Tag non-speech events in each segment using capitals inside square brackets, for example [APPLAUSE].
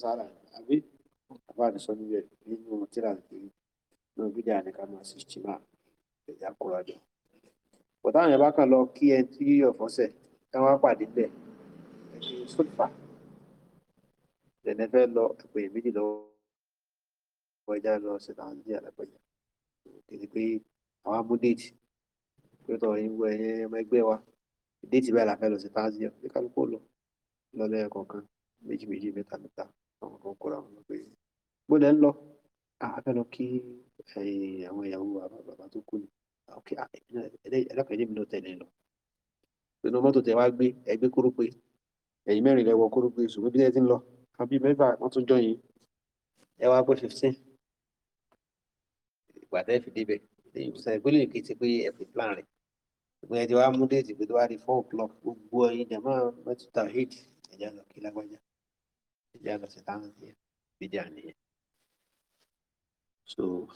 sára àbí àbáàdì sọ níbẹ̀ nínú tíra nìyí náà bídà ní ká máa sì jìmá ẹ̀yà kóra jọ. bọ̀dá àwọn yàrá kan lọ kí ẹ tí ọ̀fọ́sẹ̀ táwọn pàdé bẹ̀ ẹni sólfà lẹ́nẹ́ fẹ́ lọ ẹ̀pẹ̀ méjì lọ́wọ́ ẹja lọ ṣẹ̀dá àwọn ìdí àlápẹ̀yà kìí pé àwọn amú déètì pé tọ̀ ẹ̀yin wọ ẹ̀yẹ ọmọ ẹgbẹ́ wa déètì báyìí la fẹ́ lọ ṣe táàzì ẹ̀ kálukú lọ lọ́lẹ́ ẹ̀kọ̀ọ̀kan méjì méjì mẹ́ta mẹ́ta àwọn kan kóra wọn pé bó lẹ́ ń lọ àfẹ́ lọ kí àwọn ìyàwó bàbá tó kú ni ẹlẹ́kọ̀ọ́ mi náà tẹ̀lé lọ nínú mọ́tò tẹ̀ wá gbé ẹgbẹ́ kórópè ẹ̀yìn mẹ́rin lẹ́wọ̀ kórópè ṣùgbọ́n bí ẹ ti ń lọ kan bíi mẹ́fà wọ́n tún jọ yín ẹ wá pé fifteen ìgbà tẹ́ fi débẹ̀ èyí sọ ìpínlẹ̀ èkìtì ti pé ẹ fi plan rẹ̀ ìpínlẹ̀ ti wá mú déètì pé tó wá di four o'clock gbogbo ẹ̀yin jàmáà mẹ́tò tàwíìdì ẹ̀jẹ̀ lọ kí lágbájá. تجارة العادية بدعمه so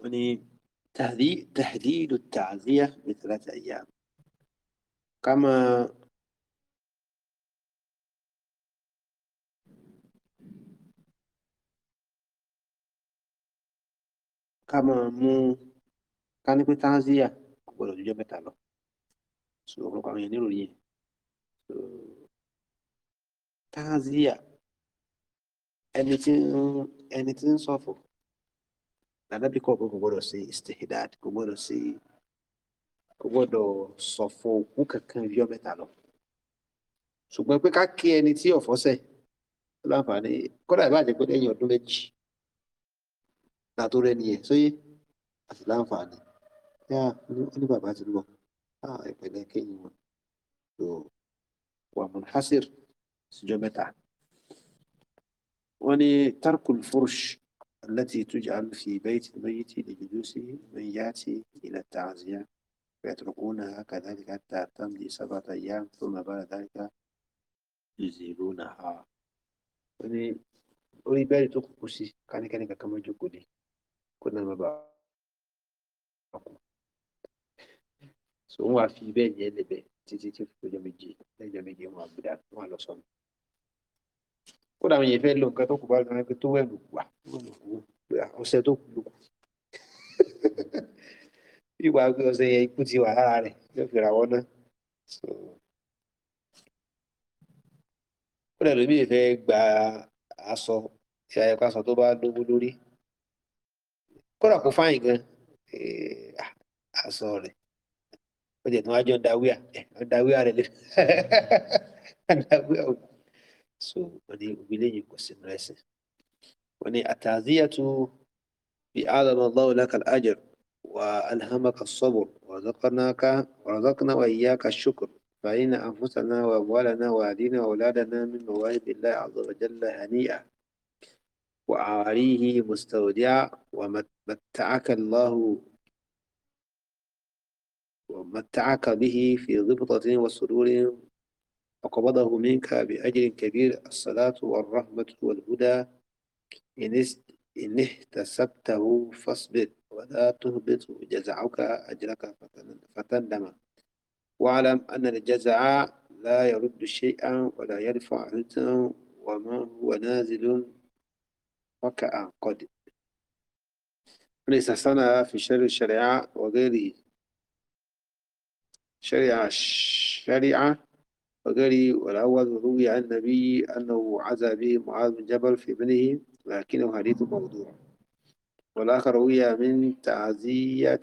يعني تهديد تحديد التعزية لثلاثة أيام ya kama mu kani itu tanzia kò gbọdọ̀ ju so so ẹni tí ń ẹni tí ń sọ̀fọ̀ lànàbí kọ̀ pé kò gbọ́dọ̀ ṣe istihdad kò gbọ́dọ̀ ṣe kò gbọ́dọ̀ sọ̀fọ̀ òkú kankan yọ mẹ́ta lọ ṣùgbọ́n pé ká kí ẹni tí ọ̀fọ̀ sẹ̀ láǹfààní kódà ìbàjẹ́ pé lẹ́yìn ọdún méjì látó rẹ nìyẹn sóyè àti láǹfààní yá ní bàbá ti lọ ìpínlẹ̀ kẹ́yìn wọn wàmùn hasir síjọ́ mẹ́ta. ترك الفرش التي تجعل في بيت الميت لجلوسه من يأتي إلى التعزية فيتركونها كذلك حتى تمضي سبعة أيام ثم بعد ذلك يزيلونها يعني أولي بالي تقوسي كان كان كما جوكولي كنا ما بقى سوى في بين يلي بين تيجي تيجي تيجي تيجي تيجي تيجي تيجي تيجي تيجي تيجي ó dàwọn èèyàn fẹ́ lọ nǹkan tó kù bá lọ pé tó wẹ̀ lù wà ọṣẹ tó kù lù kù ìwà pé ọṣẹ yẹn ikú ti wà lára rẹ̀ yóò fi ra wọ́n náà ó dàbí mi fẹ́ gba aṣọ ìṣàyẹ̀ kan aṣọ tó bá lówó lórí kódà kó fáyìn gan eh, aṣọ rẹ̀ ó jẹ̀ tí wọ́n á jọ dáwíà dáwíà rẹ̀ lé [LAUGHS] dáwíà òkú. So ولي قسم وني التعزية بأعظم الله لك الأجر وألهمك الصبر ورزقناك ورزقنا وإياك الشكر فإن أنفسنا وأموالنا وأهلينا وأولادنا من مواهب الله عز وجل هنيئة وأعاريه مستودع ومتعك الله ومتعك به في ضبطة وسرور وقبضه منك بأجر كبير الصلاة والرحمة والهدى إن إن احتسبته فاصبر ولا تهبط جزعك أجرك فتندم واعلم أن الجزع لا يرد شيئا ولا يرفع رزا وما هو نازل وكأن قد من استحسنها في شر الشريعة وغيره شريعة شريعة وقال والأول روي عن النبي أنه عزى به معاذ بن جبل في ابنه لكنه حديث موضوع والآخر روي من تعزية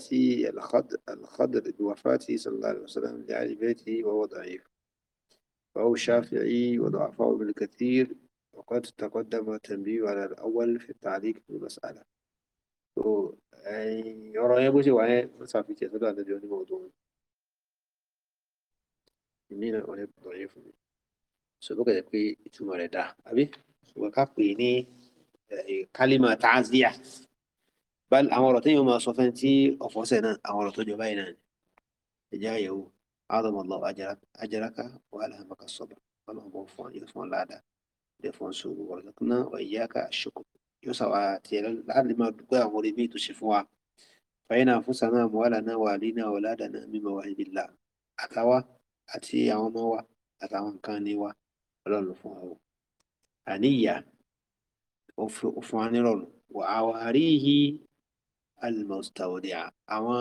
الخضر, الخضر بوفاته صلى الله عليه وسلم لعلي بيته وهو ضعيف فهو الشافعي وضعفاء ابن كثير وقد تقدم التنبيه على الأول في التعليق في المسألة. أي يرى يبوسي وعين مسافي كثيرا الذي موضوع. èmi náà ọ̀rẹ́ bọ̀rẹ́ fún mi ṣùgbọ́n kẹ̀kẹ́ pé ìtumọ̀ rẹ̀ dáa àbí ṣùgbọ́n ká pè é ní kálímà tààzíà àwọn ọ̀rọ̀ téèyàn máa sọ fẹ́ tí ọ̀fọ́sẹ̀ náà àwọn ọ̀rọ̀ tó jọ báyìí náà ni ẹ̀jẹ̀ àyẹ̀wò àdọ̀mọ̀lọ́ ajaraka wàhálà àmàkà sọ̀bà ọlọ́run bọ̀ fún yóò fún ọ̀làdà yóò fún ṣòro ọ̀rọ̀lọ́kùnà ọ̀yẹ́ká ṣòkò yóò àti àwọn ọmọ wa àtàwọn nǹkan ní wa ọlọ́run ló fún wa o àníyà ó fún wa nírọ̀rùn wà á wà rí ihi alimọ̀sítàwọ̀dì àwọn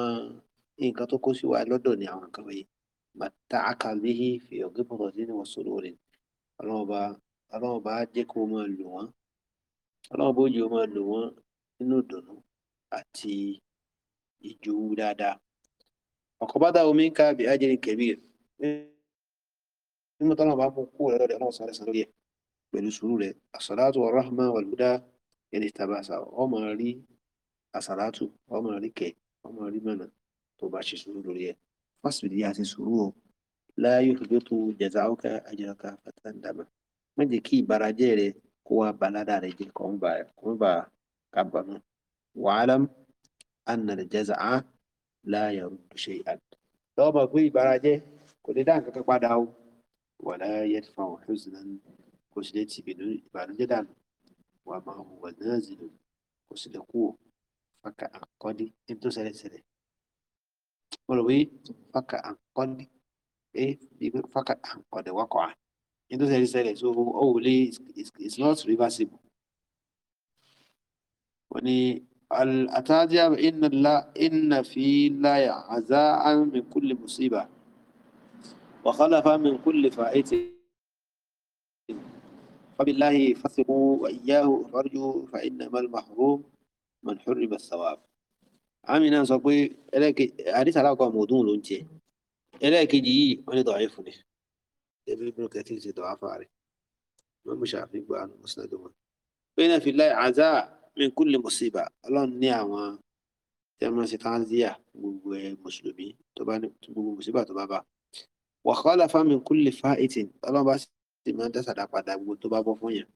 nǹkan tó kó sí wa lọ́dọ̀ ni àwọn nǹkan wọ̀nyí màtá àkàbíyí fi ọ̀gẹ́ bọ̀rọ̀ nínú ọ̀sọ̀rọ̀ rẹ̀ ọlọ́run bá jẹ́ kó máa lò wọ́n ọlọ́run bó jẹ́ kó máa lò wọ́n nínú ìdùnnú àti ìjòwú dáadáa ọ̀kọ̀ bá dá omi ń ká bí ájẹ́rin kẹ̀mí rẹ̀. nínú tọ́lá bá kó kó rẹ̀ ya na sáré sáré yẹ pẹ̀lú sùúrù rẹ̀ àsàlátù ọ̀rọ̀hàmà wàlúdà ẹni tàbàṣà ọmọ rí àsàlátù ọmọ rí kẹ ọmọ rí mọ̀nà tó bá ṣe sùúrù lórí ẹ fásitì àti sùúrù o láàyò tó tó kò lè dá nǹkan kan padà o wàlá yẹtùfà huznan kò sì lè ti ìbànújẹ́ dànù wà máa hùwà náà zìlò kò sì lè kú o fàkà àkọ́dí ní tó ṣẹlẹ̀ ṣẹlẹ̀ mo rò wí fàkà àkọ́dí ẹ fàkà àkọ́dí wákọ̀ à ní tó ṣẹlẹ̀ ṣẹlẹ̀ so ó wò lé it's not reversible wọ́n ní àtàjà inna fi láyà àzá àmì kúlè mùsíbà. وخلف من كل فائت فبالله فثقوا وإياه فرجوا فإنما المحروم من حرم الثواب عمنا صبي إليك أريد على قوم ودون أنت إليك جي وأنا ضعيفني ابن ابن كثير زي ضعف عليه ما مش عارفين بقى المسند بين في الله عزاء من كل مصيبة الله النعمة تمام سيطان زيا مسلمين تبان تبو مصيبة تبابا وخلف من كل فائت ọlọ́run bá sì máa ń dẹ́sàdá padà gbogbo tó bá bọ́ fún yẹn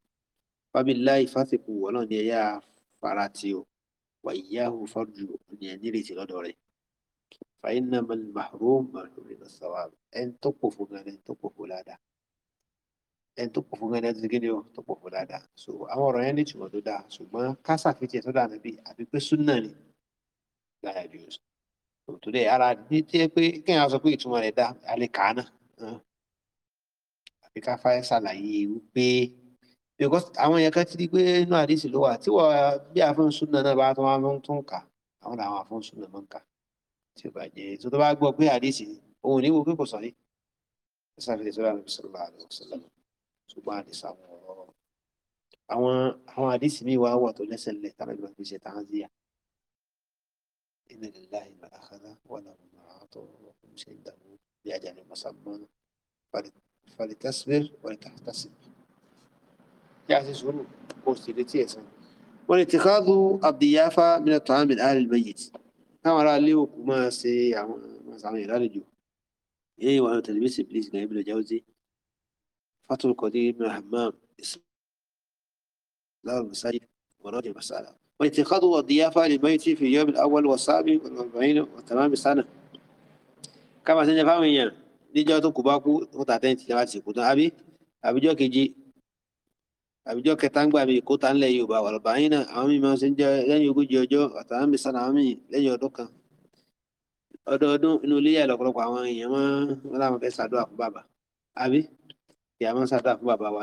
fabillahi fásitì ọlọ́run ni ẹ̀yà fara ti o wà ìyáhùn fọ́jú ni ẹ̀ nírètí lọ́dọ̀ rẹ̀ فإنما المحروم محروم من الصواب ẹni tó pò fún gan ẹni tó pò fún ládàá ẹni tó pò fún gan ẹni gíní o tó pò fún ládàá so àwọn ọ̀rọ̀ yẹn ní ìtumọ̀ tó dáa ṣùgbọ́n kásà fi tiẹ̀ tó dáa níbí àbí pé súnà ni láyà jù ú sọ torí ẹ ara dé tí ẹ pé kéèyàn sọ pé ìtumọ̀ rẹ̀ dá alẹ́ kà àfi ká fáyẹ́ ṣàlàyé wípé because àwọn èèyàn kan ti di pé inú àdìsí ló wà tí wọ́n bí àfọ̀n súnà náà bá tó máa tó ń kà àwọn làwọn àfọ̀n súnà máa ń kà tí ó bá jẹ tó tó bá gbọ́ pé àdìsí òun ní wo pé kò sọ ní ṣàfihàn sọ́dọ̀ àmì sọ́dọ̀ àmì sọ́dọ̀ ṣùgbọ́n àdìsí àwọn ọ̀rọ̀ àwọn àwọn àdìsí mi wà wà tó lẹ́sẹ̀ lẹ̀ tàbí ìgbà tó ṣe tàn án sí إن لله ما أخذ وله ما أعطى وكل شيء له بأجل مسمى فلتصبر ولتحتسب يعني شغل كوستيليتي ولاتخاذ الضيافة من الطعام من أهل الميت أما رأى لي وما سي ما سعمي رأى لجو إيه وأنا تلبيس إبليس قال ابن جوزي فطر القدير من الحمام اسم لا المساجد وراجع مسألة واتخاذ الضيافة للميت في اليوم الأول والسابع والأربعين وتمام السنة كما سنفع من يوم níjọ́ tó kù bá kú ó tà tẹ́ǹtì jẹ́ láti sìnkú tán àbí àbíjọ́ kejì àbíjọ́ kẹta ń gbà mí kó ta ń lẹ̀ Yorùbá wà lọ́ba yín náà àwọn míì máa ń ṣe ń jẹ́ lẹ́yìn ogójì ọjọ́ àtàwọn míì sànà àwọn míì lẹ́yìn ọdún kan ọdọọdún inú ilé yà lọ́pọ̀lọpọ̀ àwọn èèyàn máa wọn láwọn fẹ́ ṣàdúrà fún bàbá àbí ìyá máa ń ṣàdúrà fún bàbá wa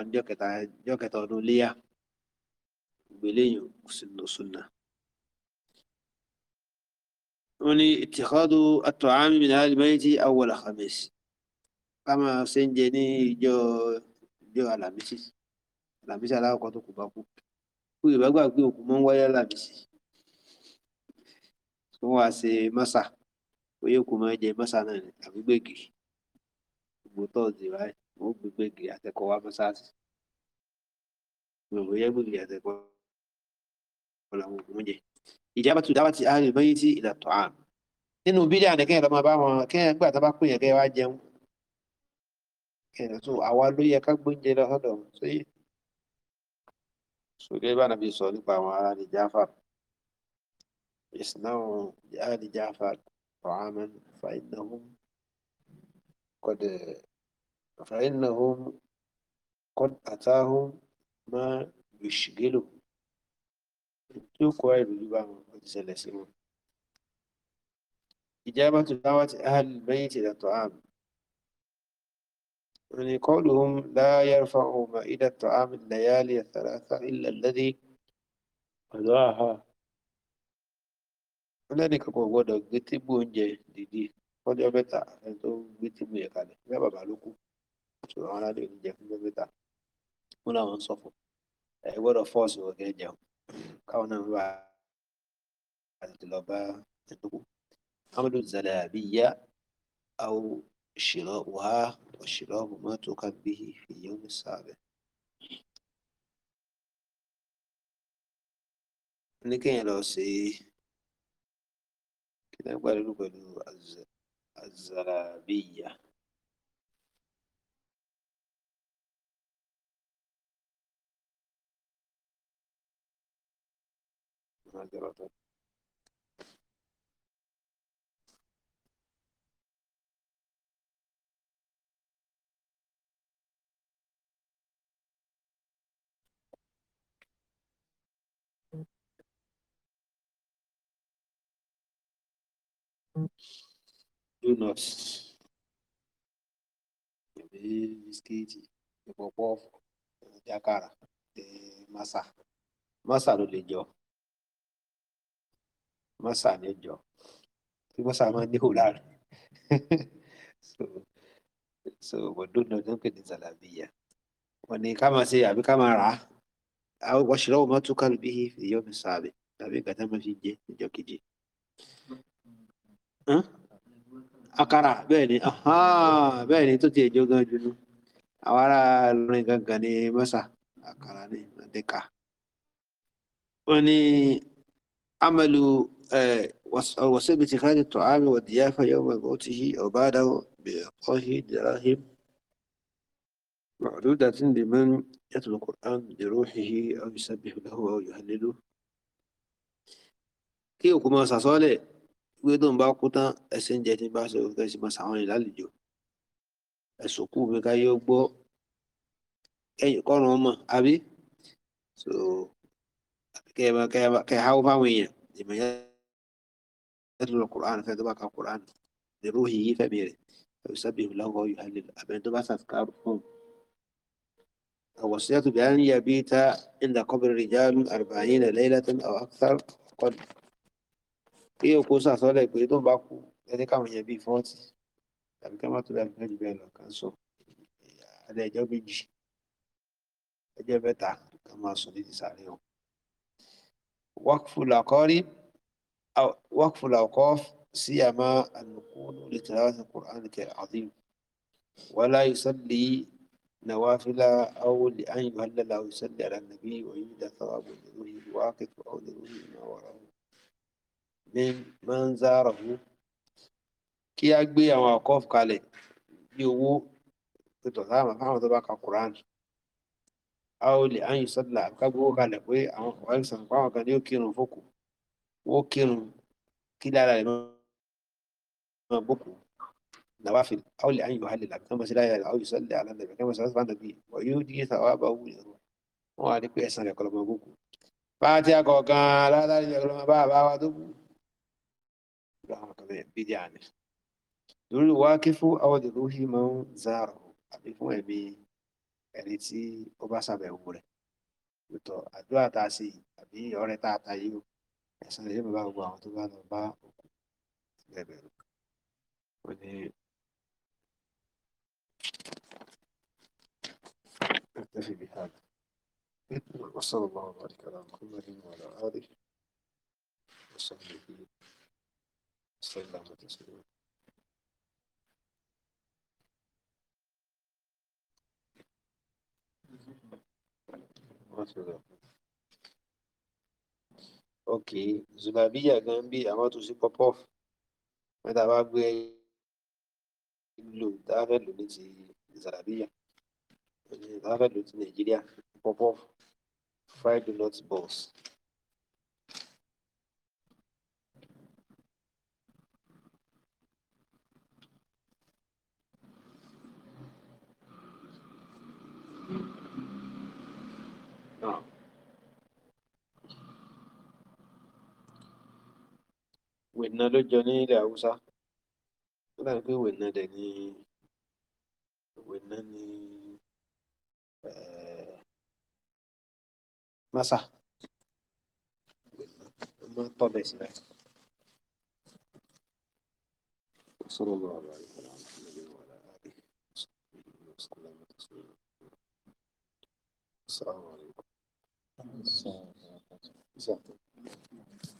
níjọ́ kẹta ọdún iléyà gbogbo eléyìn kò sí nù súnà wọn ni ìtìkọ́dù àtọ̀hámi min ahli bayti awwal khamis ká máa ṣe ń jẹ ní ìjọ ìjọ alamisi alamisi alákọ̀ọ́ tó kù bá kú kú ìbágbà pé òkú mọ́ ń wáyé alamisi tó wá ṣe mọ́sà oyè kò máa jẹ mọ́sà náà ni àbí gbogbo tọ́ọ̀dì báyìí wọ́n gbé àtẹ̀kọ́ wa mọ́sà sí gbogbo yẹ àtẹ̀kọ́ ọlọ́run òun yẹ ìjábá tó dábàá ti àárẹ̀ bẹ́yìí tí ìlà tó àm nínú bídíà ni kẹ́yìn lọ́mọ bá wọn kẹ́yìn gbà tó bá pè yẹn kẹ́yìn wá jẹun kẹ́yìn tó àwa ló yẹ ká gbóúnjẹ lọ sọ́dọ̀ sóyè sókè bá nàbí sọ nípa àwọn ará ní Jafar ìsìnáwó ará ní Jafar طعاما فإنهم قد فإنهم قد أتاهم ما يشغلهم tí ó kó àìròjú bá wọn ó ti ṣẹlẹ̀ sí wọn. إجابة دعوة أهل البيت إلى الطعام يعني قولهم لا يرفع مائدة طعام الليالي الثلاثة إلا الذي قضاها wọ́n ní kankan gbọ́dọ̀ gbé tíbú oúnjẹ dìde fọ́jọ́ mẹ́ta ẹni tó gbé tíbú yẹn kalẹ̀ ní bàbá ló kú ṣùgbọ́n àwọn oúnjẹ fún mẹ́ta wọ́n làwọn sọ fún ẹ gbọ́dọ̀ fọ́ọ̀sì wọ́n kẹ́ jẹun كونه بعد الغباء عمل الزلابية أو شراؤها وشراء ما تركب به في اليوم السابع نكين لو سي كده نقول له الزلابية ماجراها Donuts. Ni bisikíìtì, epo Jakarta, di masa. Masa ló jauh. mọ́sà ní jọ tí mọ́sà máa ń níhò so so wọ́dún náà ló ń pè ní zalabiya wọ́n ní ká máa ṣe àbí ká máa rà á wọ́n ṣe lọ́wọ́ máa tún kálù bí ìyọ́ mi sọ àbẹ̀ tàbí nǹkan tí wọ́n máa fi jẹ ìjọ kejì. àkàrà bẹ́ẹ̀ ni bẹ́ẹ̀ ni tó ti ẹ̀jọ́ gan jùlọ àwọn ará lórin gangan ni mọ́sà àkàrà ni àdẹ́ka. wọ́n ní amalu آه، وسبب اتخاذ الطعام والضيافة يوم موته أو بعده بإعطائه دراهم معدودة لمن يتلو القرآن لروحه أو يسبح له أو يهلله كي يقوم بصلاة ويدون باقوتا أسن جاتين باسا وكاس ما سعوني لالجو السكو بكا يوبو كي يقوم بصلاة أبي سو كي ما كي ما كي حاو فاوين لمن يتلو أدل القرآن فإن دبا القرآن لروحه فبيره فيسبه له ويهلل أبين دبا تذكارهم وصية بأن يبيت عند قبر رجال أربعين ليلة أو أكثر قد في إيه وقوصة صلى يقيدون باكو يعني كما يبي فوت يعني كما تلعب في الجبال وكانسو هذا يجب يجب يتعقل كما صليت سعليهم وقف الأقارب أو وقف الأوقاف سيما النقود لتلاوة القرآن العظيم ولا يصلي نوافل أو لأن يهلل أو يصلي على النبي ويجد ثواب لنوره الواقف أو لنوره ما وراءه من من زاره kí a أو àwọn àkọ́f kalẹ̀ bí owó tuntun sáàmà fáwọn tó bá ka quran a ó lè áyùn sọ́dọ̀là àbíká gbówó ó kírun kí lára rẹ̀ máa bókù nàwáfíl àwòlẹ̀ àyìn yóò hálẹ̀ làbí kí wọ́n sì láyà rẹ̀ àwòlẹ̀ sọ́lẹ̀ àlànà rẹ̀ kí wọ́n sì láti fàánà bíi wọ́n yóò díye sàwọn àbá òwú ìrù wọn wà ní pé ẹ̀sán rẹ̀ kọlọmọ bókù. pàtí akọ̀ọ̀kan aládàáni yẹ kọlọmọ bá àbá wa tó kù. ìlànà kan bẹ́ẹ̀ bí díà wa kí fún àwọn ìlú yìí máa ń zàrọ̀ àbí ẹni tí ó bá ṣàbẹ̀wò rẹ̀. àdúrà tá a ṣe àbí ọ̀rẹ́ tá a ta yìí ẹ̀sán lè bá gbogbo àwọn أربعة bá lọ bá òkú بهذا وصلى الله وبارك على محمد وعلى آله وصحبه وسلم تسليما ما في ok zulabiya gan bí àwọn tó ṣe pọpọf wọn tá a bá gbé lò tá a fẹ́ lò ní ti zulabiya tá a fẹ́ lò ti nàìjíríà pọpọf fried donut balls. wẹ̀nà ló jọ ní ilẹ̀ haúsá ó dàbí pé wẹ̀nà dẹ̀ ni ile hausa o dabi pe wena ni wena ni masa ọmọ tọ́bẹ̀ sílẹ̀. صلى السلام عليكم. السلام عليكم.